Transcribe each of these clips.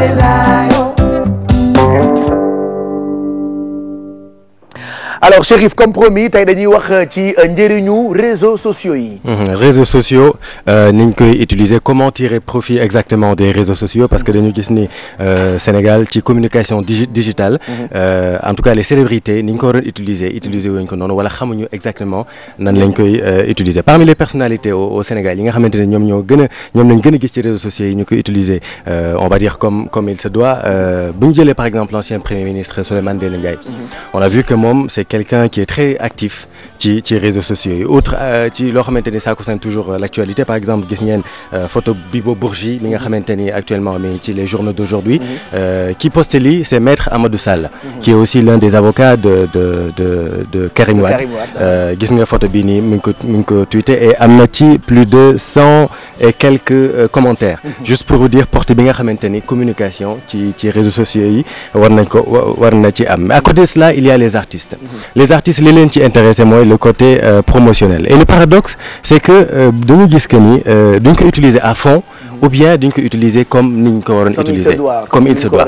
rely alors Chérif comme promis tey dañuy wax euh, ci euh, njëriñu réseaux sociaux yi. Mhm, réseaux sociaux euh, niñ koy utiliser comment tirer profit exactement des réseaux sociaux parce que dañu gis ni Sénégal ci communication digi digitale. Mhm. en tout cas les célébrités ni ko waroon utiliser utiliser u ko noonu wala xamuñu exactement nan lañ koy utiliser parmi les personnalités au Sénégal yi nga xamante ne ñoom ñoo gën a ñoom lañ gën a gis ci réseaux sociaux yi ñu koy utiliser on va dire comme comme il se doit bu ñu jëlee par exemple quelqu'un qui est très actif ci ci réseaux sociaux yi autre euh, ci loo xamante ni ça euh, concerne gis ngeen euh, photo Bibo Bourgi mi nga mhm. xamante ni actuellement mi ci les journaux d' aujourd'hui mhm. qui poste lii c' est maître Amadou Sall mhm. qui est aussi l'un des avocats de de de de Karim Wade gis nga photo bii nii mi ngi ko mi ko tweeté et am na ci plus de cent et quelques commentaires juste pour vous dire porte bi nga xamante ni communication ci ci réseaux sociaux yi war nañ ko war na ci am à côté de cela il y a les artistes les artistes li leen le côté euh, promotionnel et le paradoxe c'est que euh, dañu gis que ni euh, duñ ko utiliser à fond mhm. ou bien duñ ko utiliser comme ni ñu ko waroon utiliser comme il se doit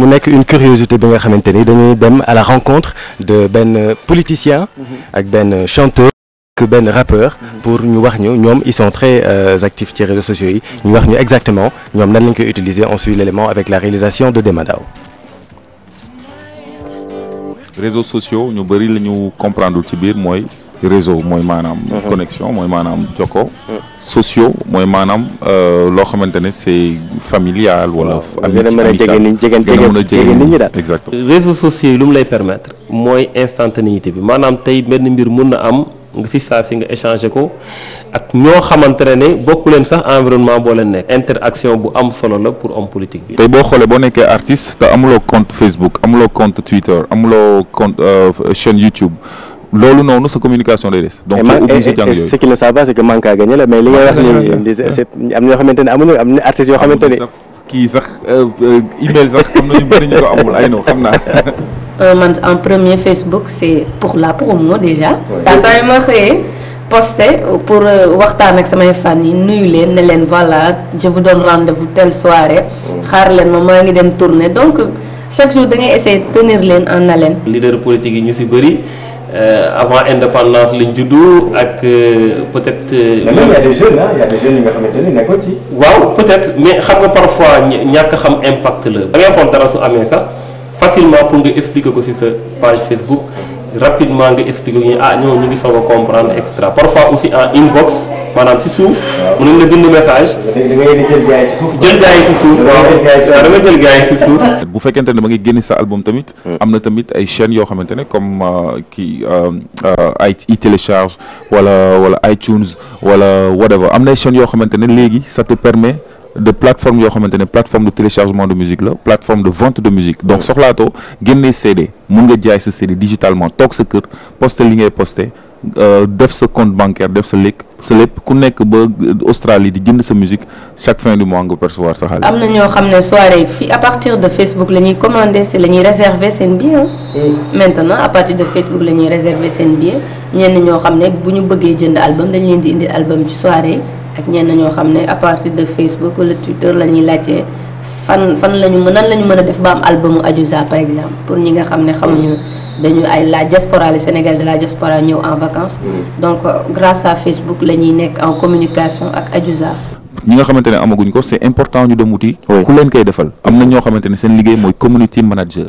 mu nekk une curiosité bi nga xamante ni dañuy dem à la rencontre de benn politicien mhm. ak benn chanteur que benn rappeur mhm. pour ñu wax ñu ñoom ils sont très euh, actifs ci réseaux sociaux yi ñu wax ñu exactement ñoom nan lañ koy utiliser on suit l'élément avec la réalisation de Demadaw réseaux sociaux ñu bëri la ñu comprendre ci biir mooy réseau mooy maanaam. Mhm. connexion mooy maanaam jokko. Mhm. sociaux mooy maanaam euh, loo xamante ne c'est familial wala. gën a mën a jege nit ñi gën a jege nit ñi daal exactement. réseaux sociaux yi lu mu lay permettre mooy instantanéité bi maanaam tey benn mbir mun na am. nga si saa si nga échanger ko ak ñoo xamante ne ne bokku leen sax environnement boo leen nekk interaction bu am solo la pour homme politique bi. tey boo xoolee boo nekkee artiste te amuloo compte Facebook amuloo compte Twitter amuloo compte euh, chaîne YouTube. loolu noonu sa communication day des. donc tu es obligé jàng yooyu ce la mais li nga wax nii am na ñoo xamante ne yoo xamante kii sax euh, email sax am na ñu bëri ñu ko amul ay no xam naa. Euh, man en premier Facebook c'est pour la promo déjà. waaw saa yu ma xëyee posté pour euh, waxtaan ak samay fan yi nuyu leen ne leen voilà je vous donne rendez-vous telle soirée. xaar leen ma maa ngi dem tourner donc chaque jour da ngay essayer tenir leen en leen leader politique yi ñu ci bëri. Euh, avant indépendance lañ juddu ak euh, peut-être. Euh, mais même y a des yi nga xamante ni nekkoon ci. waaw peut-être mais xam nga parfois ñàkk xam impact la. da ngay xool dara su amee sax facilement pour nga expliquer ko si sa page Facebook. rapidement nga expliquer ñu ah ñoo ñu ngi soog a comprendre et parfois aussi en inbox maanaam si suuf. waaw mën nga bind message. jël gars yi si suuf. bu fekkente ne ba ngi génne sa album tamit. Hmm. am na tamit ay chaînes yoo xamante ne comme euh, kii ay euh, euh, i télécharge wala wala iTunes wala whatever am na ay yoo xamante ne léegi ça te permet. de plateforme yoo xamante ne plateforme de téléchargement de musique la plateforme de vente de musique donc soxlaatoo génnee CD mun nga jaay sa CD digitalement toog sa kër poster li ngay poster euh, def sa compte bancaire def sa lekk sa lépp ku nekk ba Australie di jënd sa musique chaque fin du mois nga percevoir sa xaalis. am na ñoo xam ne soirée fii à partir de Facebook la ñuy commander si la ñuy seen billet. Mm. maintenant à partir de Facebook la ñuy réserver seen ñoo xam ne bu ñu bëggee jënd indi album ak ñenn ñoo xam ne à partir de Facebook wala Twitter la ñuy laajte fan fan la ñu mën nan la ñu mën a def ba am albumu Adiouza par exemple pour ñi nga xam ne xamuñu dañu ay la diaspora le Sénégal de la diaspora ñëw en vacances. Mm. donc euh, grâce à Facebook la ñuy nekk en communication ak Adiouza. ñi nga xamante ne amaguñ ko c'est important ñu dem wuti ku leen koy defal am na ñoo xamante ne seen liggéey mooy community manager.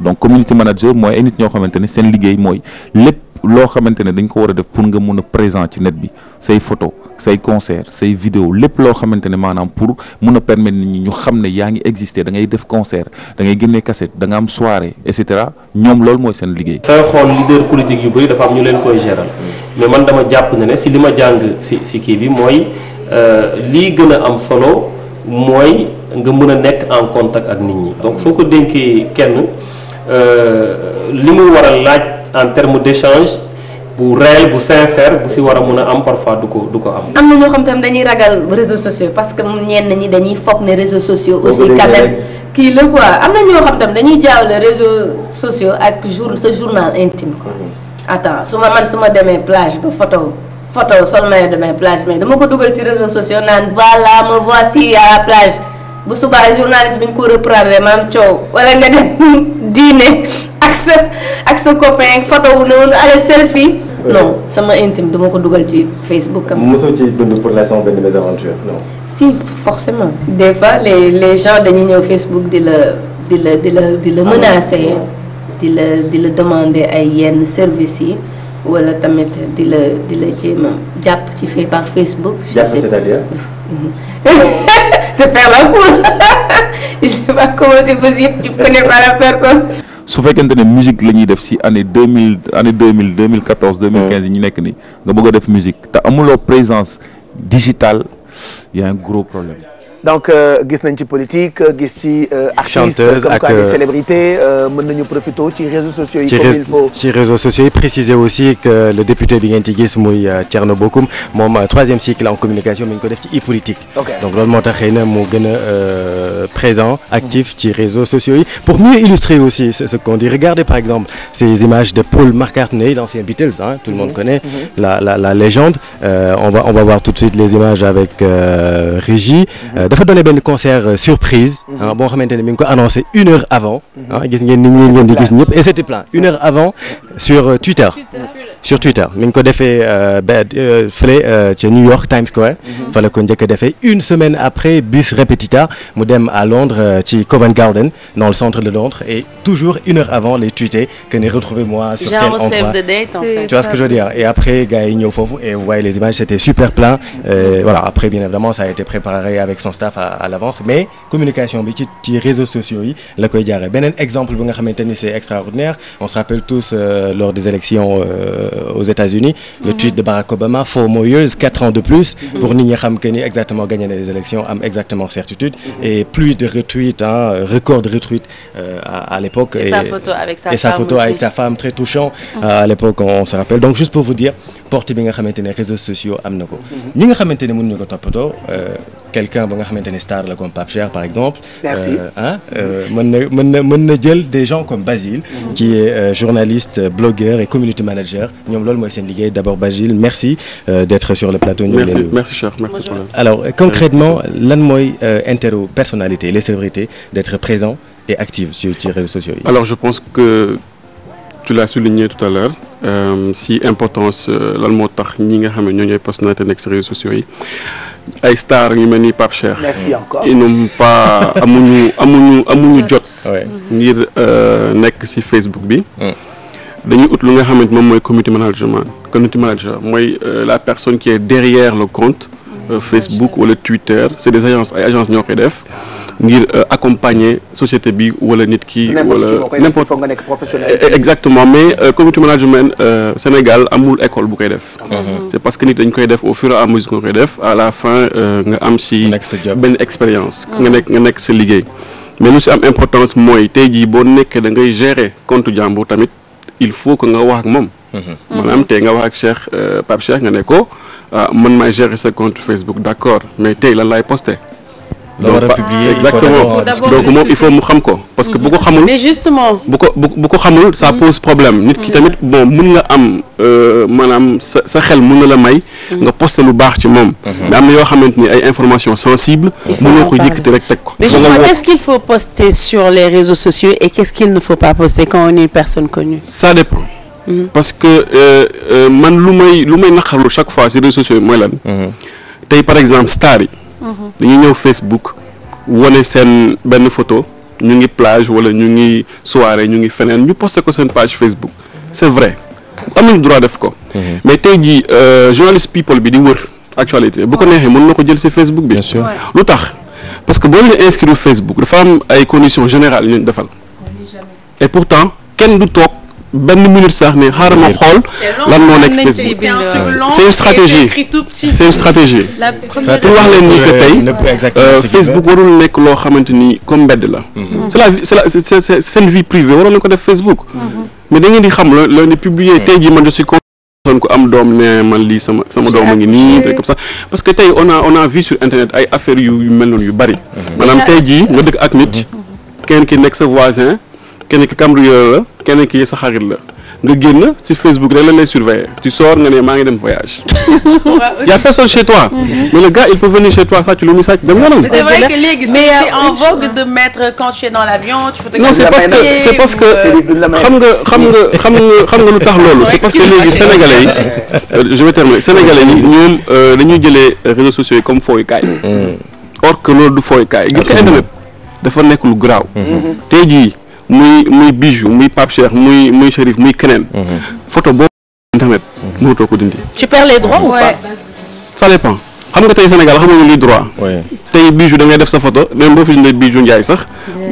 donc community manager mooy ay nit ñoo xamante ne seen liggéey mooy lépp. loo xamante ne dañ ko war a def pour nga mun a présent ci net bi say photo say concert say vidéo lépp loo xamante ne maanaam pour mun a permettre nit ñi ñu xam ne yaa ngi exister da ngay def concert dangay ngay génnee cassette da nga am soirée et cetera ñoom loolu mooy seen liggéey. say xool leader politique yu bëri dafa am ñu leen koy geral mais man dama jàpp ne ne si li ma jàng si si kii bi mooy euh, lii gën a am solo mooy nga mën a nekk en contact ak nit ñi. donc soo ko dénkee kenn euh, li mu en terme d' bu réel bu sincère bu si war a mun a am parfois du ko du ko am. am na ñoo xam tamit dañuy ragal réseaux sociaux parce que ñenn ñi dañuy foog ne réseaux sociaux. aussi quand la quoi am na ñoo xam tam dañuy jaawle réseaux sociaux ak jour sa journal intime quoi. Mm-hmm. attends su ma man su ma demee plage ba photo photo sol maillot de bain plage mais dama ko dugal ci réseaux sociaux naan voilà me voici à la plage bu subaa journaliste bi ko reprendre maam coow diine ak sa ak sa copain photo wu noonu allez selfie. Euh. non sama intime duma ko dugal ci Facebook am. mosoo ci dund pour l'instant benn mésaventure non. si forcément des fois les les dañu dañuy ñëw Facebook di la di la di la di la ah menacer di la di la demander ay yenn services yi wala tamit di la di la jéem a jàpp ci fii par Facebook. jàpp c'est-à-dire. te faire la je sais su fekkente ne musique la ñuy def si année deux mille année deux mille deux mille quatorze deux mille ñu nekk nii nga bëgg a def musique te amuloo présence digitale y a un gros problème. donc euh, gis nañ ci politique gis ci. Euh, artiste comme quoi des euh, célébrités mën nañu profité ci réseaux sociaux yi. comme il faut ci préciser aussi que le député bi ngeen ci gis muy Thierno Bocoum moom troisième cycle en communication mi ngi ko def ci e-politique. donc loolu moo tax na mu gën présent actif ci réseaux sociaux yi pour mieux illustrer aussi ce qu'on dit regardez par exemple ces images de Paul McCartney l'ancien Beatles tout le monde mhm. connaît mhm. la légende euh, on va voir tout de suite les images avec euh, Régie mhm. euh, dafa donné concert surprise une heure avant sur Twitter sur Twitter mi ko defee euh, ba euh, fële euh, ca New York Times Square. Mhm. fa la ko njëkk a une semaine après bis repetita mu dem à Londres ci Covent Garden dans le centre de Londres et toujours une heure avant les tweeté que ne retrouvez-moi sur tel endroit en fait. tu vois ce que je veux dire et après gars yi ñëw foofu et vous les images c'était super plein après bien évidemment ça a été préparé avec son à, l'avance mais communication bi ci ci réseaux sociaux yi koy jaaree beneen exemple bi nga xamante ni c'est extraordinaire on se rappelle tous lors des élections. Euh, aux États-Unis le tweet de Barack Obama four more years quatre ans de plus pour nit ñi xam que ni exactement gagné les élections am exactement certitude et plus de retweets hein de retweets euh, à, l'époque et, sa photo avec sa, femme, très touchant euh, à l'époque on, se rappelle donc juste pour vous dire porte bi nga xamante ne réseaux sociaux am na ko ñi nga xamante ne mënuñu ko toppatoo quelqu'un ba nga xamante ni star la comme Pape Cheikh par exemple. merci ah mën na mën na mën na jël des gens comme Basile. Mhm. qui est euh, journaliste blogueur et community manager ñoom loolu mooy seen liggéey d'abord Basile merci d'être sur le plateau. ñu merci merci Cheikh merci alors concrètement lan mooy intérêt personnalité les célébrités d'être présents et actifs sur les réseaux sociaux yi. je pense que tu l'as souligné tout à si importance lan moo tax ñi nga xam ne ñoo ñooy personnalité nekk ay star ñu mel nii Pape Cheikh. merci encore ils n'ont pas amuñu amuñu amuñu jot. ngir euh, nekk ci Facebook bi. Mm. dañuy ut lu nga xamante moom mooy community management community manager mooy euh, la personne qui e derrière le compte. Euh, Facebook wala Twitter c'est des agences ay agences ñoo koy def. ngir euh, accompagner société bi wala nit ki. wala n'importe nga nekk professionnel. E-, e-, exactement mais euh, community management euh, Sénégal amul école bu koy def. Mhm. c'est parce que nit dañ koy def au fur et à mesure nga koy def à la fin nga am si. benn expérience. Mhm. nga nekk nga nekk sa liggéey. mais lu si am importance mooy tey ji boo nekkee da ngay gérer compte jàmbur tamit il faut que nga wax ak moom. Mhm. maanaam tey nga wax ak Cheikh Pape Cheikh nga ne ko ah, man maay gérer sa compte Facebook d'accord mais tey lan laay posté. loo war a publier exactement donc moom il faut mu xam ko parce que bu ko xamul mais justement bu ko bu ko xamul ça mm-hmm. pose problème nit ki mm-hmm. tamit mun nga am euh, maanaam sa sa xel mun na la may mm-hmm. nga poste lu baax ci moom mais am na yoo xamante ni ay information informations mu mënoo ko yëkkati rek teg ko mais justement qu'est-ce qu'il faut poster sur les réseaux sociaux et qu'est-ce qu'il ne faut pas poster quand euh, euh, man lu may lu may naqarlu chaque fois si réseaux sociaux mooy lan tey par exemple star yi dañuy ñëw Facebook wane seen benn photo ñu ngi plage wala ñu ngi soirée ñu ngi feneen ñu posté ko seen page Facebook c'est vrai am nañu droit def ko. Mhm. mais tey jii euh, journaliste people bi di wër actualité bu ko neexee mën na ko jël ci Facebook bi. bien sûr lu tax parce que boo leen inscrire Facebook dafa am ay conditions général yu ñu defal. et pourtant kenn du toog. benn minute sax ne xaaral ma xool lan moo nekk Facebook c'est une stratégie c'est une stratégie pour wax leen ni que tey euh, Facebook warul nekk loo xamante ni comme mbedd la mhm. c'est la c'est la c'est seen vie privée waroon lañ ko def Facebook mhm. mais da di xam la loo ne publier tey jii man je si kon ko am doom ne man lii sama sama doom a ngi nii comme ça parce que tey on a on a vu sur internet ay affaires yu mel noonu yu bari mhm. maanaam tey jii nga dëkk ak nit kenn ki nekk sa voisin kenn ki cambrioleur la kenn ki sa xarit la nga génn si Facebook rek la lay surveiller tu soor nga ne maa ngi dem voyage. y personne chez toi. Mm-hmm. mais le gars il peut venir chez toi sàcc lu muy sàcc dem yoonam. mais c'est vrai que léegi euh, c'est en vogue de parce que c'est parce euh, xam nga xam nga euh, xam nga xam nga lu tax loolu. c'est parce que léegi sénégalais yi je vais terminer sénégalais ñoom dañuy jëlee réseaux sociaux yi comme fooyukaay. Mm. or que loolu du fooyukaay. gis nga internet dafa nekk lu graaw mm-hmm. tey jii. muy muy bijou muy Pape muy muy Chérif muy keneen. Mhm. photo boobu tamit mhm. mënatoo ko dindi. ci perds les droits ou xam nga tey Sénégal xam nga lii droit. tey bijou da ngay def sa photo même boo fi dindee bijou Ndiaye sax.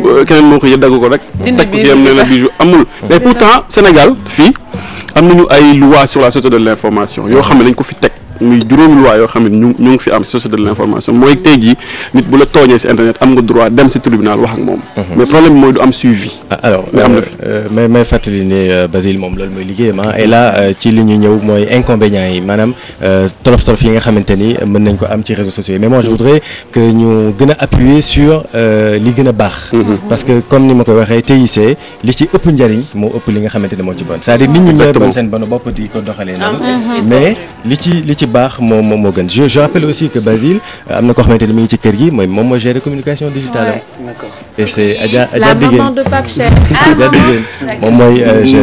Euh, keneen moo ko yëg dagg ko rek. dindi bijou sax nee na bijou amul. mais pourtant Sénégal fii am nañu ay lois sur la société de l' yoo xam ne dañ ko fi teg. muy juróomi loi yoo xam ne ñu ñu ngi fi am société de l'information mooy tey jii nit bu la tooñee ci internet am nga droit dem ci tribunal wax ak moom. Mhm. mais problème bi mooy du am suivi. Ah, alors mais euh, euh, fàttali ne euh, Basile moom loolu mooy liggéeyam ah. et là ci li ñu ñëw mooy inconvénients yi maanaam tolof tolof yi nga xamante mën nañ ko am ci réseaux sociaux yi mais moi je mhm. voudrais que ñu gën a sur li gën baax. Mhm. parce que comme ni ma koy waxee TIC li ci ëpp moo ëpp li nga xamante ni moo ci bon. c'est-à-dire nit ñi ci baax moom moom moo je je aussi que Basile euh, am na ko xamante ni mi ngi ci kër gi mooy moom moo gérer communication digitale am et c' est Adja mën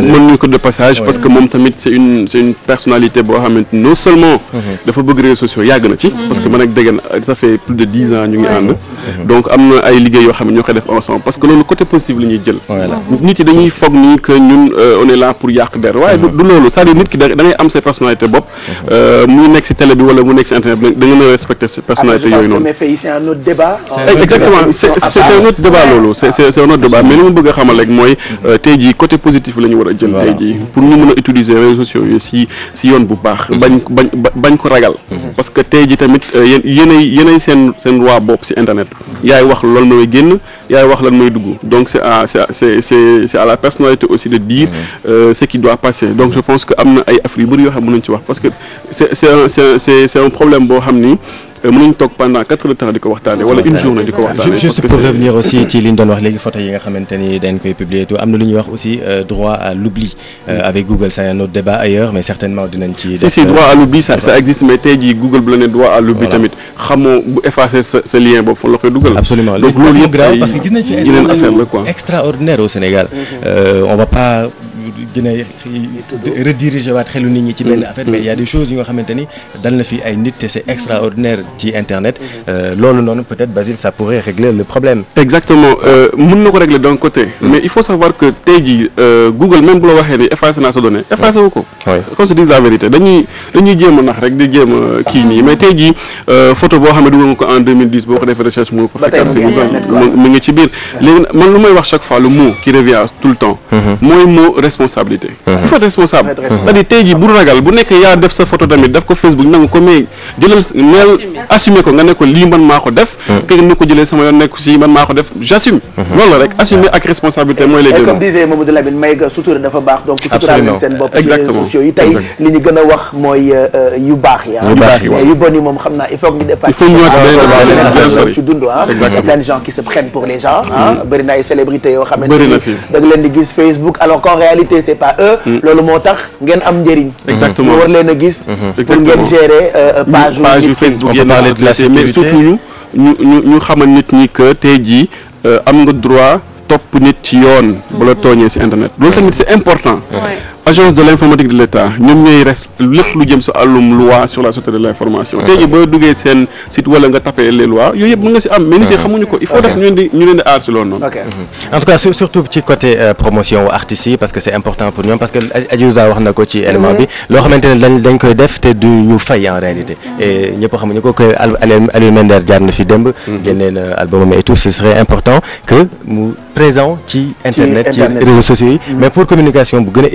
nañu ko de passage parce que moom tamit c' une c' est une personnalité boo xamante non seulement mm-hmm. dafa bëgg réseaux sociaux yàgg na ci mm-hmm. parce que man ak Digène de dix ans ñu ngi ànd mm-hmm. donc am na ay liggéey yoo xam ne ñoo koy def ensemble parce que loolu côté positif la jël nit yi dañuy foog nii que ñun euh, on est pour yàq der waaye du loolu cest à nit ki da am sa personnalité bopp euh, mu nekk si télé bi wala mu nekk si internet bi da nga na respecter ah, yooyu noonu exactement loolu c'est c'est un autre débat mais li ma bëgg xamal rek mooy euh, tey jii côté positif la ñu war a jël tey ji pour ñu mën a utiliser réseaux sociaux yi si si yoon bu baax mm-hmm. bañ bañ bañ ko ragal mm-hmm. parce que tey jii tamit euh, yéen yéenay yéenay seen seen waa bopp si internet mm-hmm. yaay wax loolu mooy génn yaay wax lan mooy dugg donc c'est à c'est c'est c'est à la personnalité aussi de dire euh, ce qui doit passer donc je pense que am na ay affaire yu bëri yoo xam ne nañu ci wax parce que c'est c'est un problème boo xam ni Euh, mënuñ toog pendant quatre heures de temps di ko waxtaanee wala une journée di ko waxtaanee juste pour revenir aussi ci li ñu doon wax léegi photo yi nga xamante ni dañ koy publier tout am na lu ñuy wax aussi euh, droit à l'oubli euh, mm. avec Google c'est un débat ailleurs mais certainement dinañ ci droit à l'oubli ça existe mais tey jii Google bu la ne droit à l'oubli tamit xamoo bu effacer sa lien boobu fa la koy dugal absolument donc loolu parce que gis nañ fi yeneen affaire la dina rediriger waat xelu nit ñi ci benn mm. affaire mais il y a des choses xamante ni dal na fi ay nit te c'est extraordinaire ci internet euh, loolu noonu peut-être Basile ça pourrait régler le problème exactement euh, mën na ko régler d'un côté mm. mais il faut savoir que tey jii euh, Google même bu la waxee ni effacé naa sa donnée effacé wu ko qu'on se dise la vérité dañuy dañuy a nax rek di jéem kii nii mais tey jii photo boo xam ne ko en boo ko defee recherche responsabilité. dafa responsable. c'est-à-dire bu ragal bu nekk yaa def sa photo tamit def ko Facebook nangu ko mais jëlal neel assumer ko nga ne ko lii man maa ko def. que ni ko jëlee sama yoon nekk si man maa ko def j'assume. loolu rek assumer ak responsabilité mooy les deux. may ga sutura dafa baax donc. suturaal leen seen bopp ci yi tey li ñu gën wax mooy yu baax ya yu baax yi ah. yu bon yi moom xam naa il faut que ñu def. il faut ñu ñëwaat ci dund ah. ah. Mm-hmm. da c'est pas eux. Mm. loolu moo tax ngeen am njëriñ. exactement ñu war leen a gis. Mm-hmm. pour ngeen gérer euh, euh, page. page yu Facebook yi parler de la sécurité surtout ñu ñu ñu ñu xamal nit ñi que tey jii euh, am nga droit topp nit ci yoon. Mm-hmm. ba la tooñee si internet loolu tamit c'est important. agence de l' de l' état ñoom ñooy lu jëm si àllum loi sur la société de l' tey jii boo duggee seen site wala nga tapé les lois yooyu yëpp mën nga si am mais xamuñu ko il faut def ñu leen di ñu leen di aar si loolu noonu en tout cas surtout ci côté euh, promotion wu artistes yi parce que c' important pour ñoom parce que Adiouza wax na ko ci élément bi loo xamante ne dañ dañ koy def te du ñu fay en réalité mm-hmm. et ñëpp xamuñu ko que Aliou Mender jaar na fi démb mm-hmm. génnee na albumam et mm-hmm. communication bu gën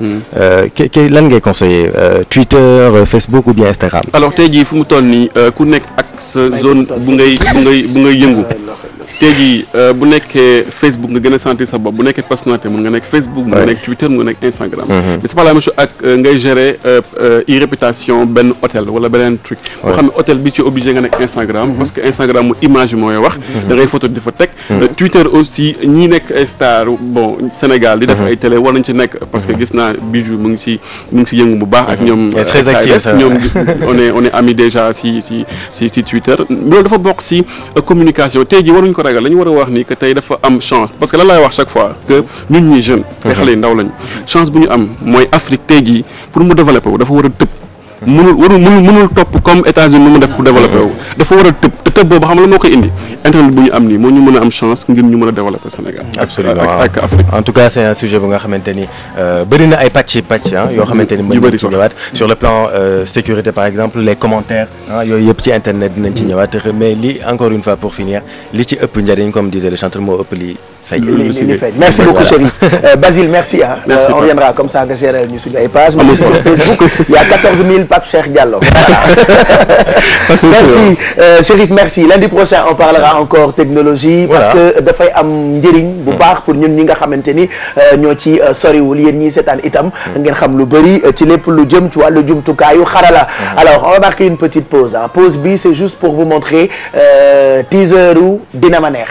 bees. ki ki lan ngay conseiller euh, Twitter euh, Facebook ou bien Instagram. alors tey jii fu mu toll nii euh, ku nekk ak sa zone bu ngay bu ngay bu ngay yëngu. tey jii euh, bu nekkee Facebook nga gën a sentir sa bopp bu nekkee personnalité mun nga nekk Facebook. mun nga nekk Twitter mun nga nekk Instagram. Mhm. mais c'est pas la même chose ak euh, ngay gérer e-réputation euh, benn hôtel wala beneen truc. boo xam ne hôtel bi ci obligé nga nekk Instagram. Mhm. parce que Instagram mu image mooy wax. Mhm. da ngay photo di fa teg. Twitter aussi ñi nekk ay star bon Sénégal di def ay télé war nañ ci nekk. parce que gis naa bijou mu ngi si mu ngi si yëngu bu baax. ak ñoom très actif ñoom on est on est amis déjà si si si si Twitter loolu dafa bokk si communication tey jii waruñ ko. Sénégal dañu war a wax ni que tey dafa am chance parce que lan laay wax chaque fois que ñun ñi jeune ay xale yu ndaw lañu chance bu ñu am mooy Afrique tey jii pour mu développer wu dafa war a tëb mënul warul mënul mënul topp comme États-Unis mu def pour développer wu dafa war a tëb tëb boobu xam moo koy indi internet bu ñu am nii moo ñu mën a am chance ngir ñu mën a développer Sénégal absolument en tout cas c'est un sujet bu nga xamante ni bëri na ay pàcc pàcc yoo xamante ni mën nañ ci ñëwaat sur le plan sécurité par exemple les commentaires ah yëpp ci internet dinañ ci ñëwaat mais li encore une fois pour finir li ci ëpp njëriñ comme disait le chanteur y a 14 000 Pape Cheikh Diallo. merci euh, Chérif merci lundi prochain on parlera encore technologie. parce que dafay am njëriñ. bu hmm. baax pour ñun ñi nga xamante ni euh, ñoo ci euh, soriwul yéen ñii an itam. Hmm. ngeen xam lu bëri euh, ci lépp lu jëm ci wàllu jumtukaayu xarala. Hmm. alors on va marquer une petite pause ah pause bi c'est juste pour vous montrer teaseru dina ma neex.